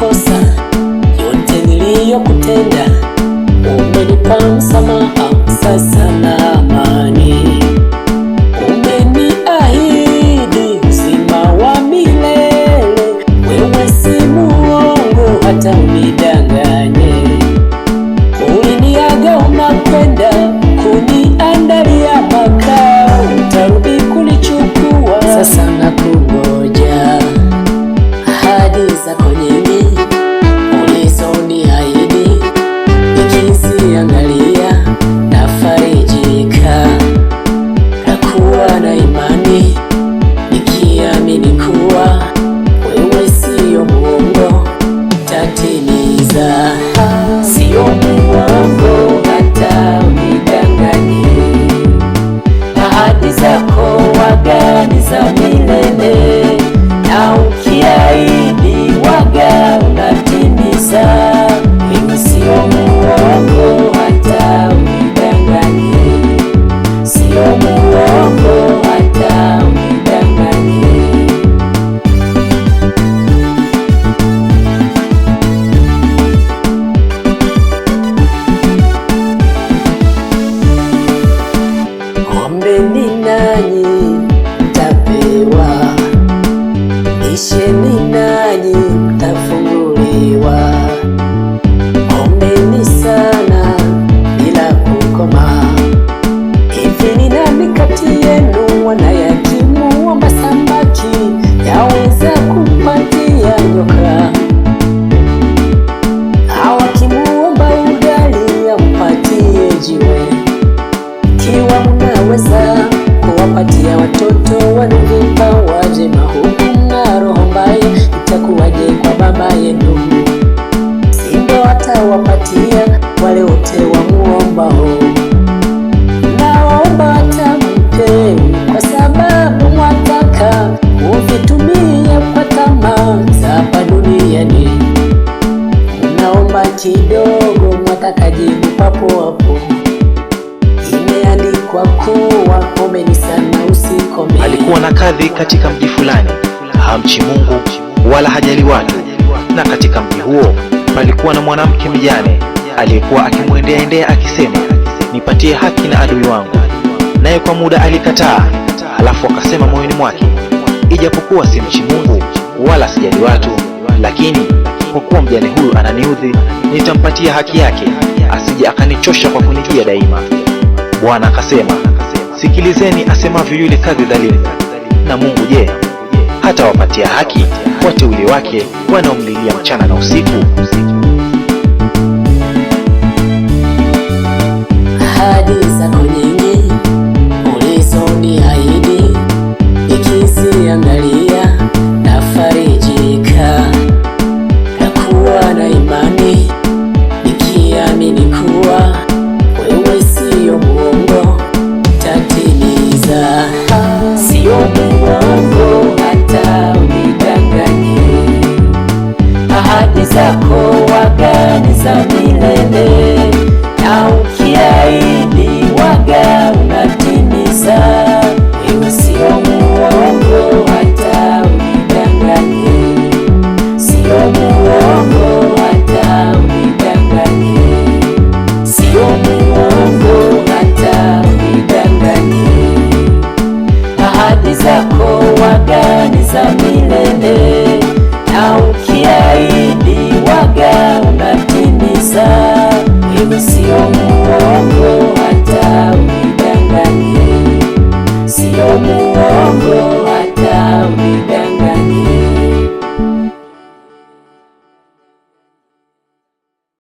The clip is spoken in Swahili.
makosa yote niliyokutenda, umenipa msamaha sasa na amani. Umeniahidi uzima wa milele, wewe si muongo hata unidanganye. Uliniaga unakwenda kuniandalia makao, utarudi kunichukua, sasa nakungoja ahadi zako. nanyi mtapewa, isheni nanyi mtafunguliwa, ombeni sana bila kukoma. Hivi ni nani kati yenu wanayakimu wamba samaki yaweza kumpatia nyoka? Hawakimuomba ugali ampatie jiwe, kiwa mnaweza kuwapatia watoto waliovipa wajema huku na roho mbaya, itakuwaje kwa baba yenu? Sindo atawapatia wale wote wamuombao, nawaomba watampe, kwa sababu mwataka uvitumia kwa tamaa za hapa duniani. Naomba kidogo, mwataka jibu papo hapo. Imeandikwa kuwa omeni sana hifadhi katika mji fulani, hamchi Mungu wala hajali watu. Na katika mji huo palikuwa na mwanamke mjane aliyekuwa akimwendeaendea akisema, nipatie haki na adui wangu. Naye kwa muda alikataa, halafu akasema moyoni mwake, ijapokuwa simchi Mungu wala sijali watu, lakini kwa kuwa mjane huyu ananiudhi, nitampatia haki yake, asije akanichosha kwa kunijia daima. Bwana akasema, sikilizeni asemavyo yule kadhi dhalimu na Mungu je, hata wapatia haki wateuli wake wanaomlilia mchana na usiku? Ahadi Mungu hata unidanganye, ahadi zako wagani za milele na ukiai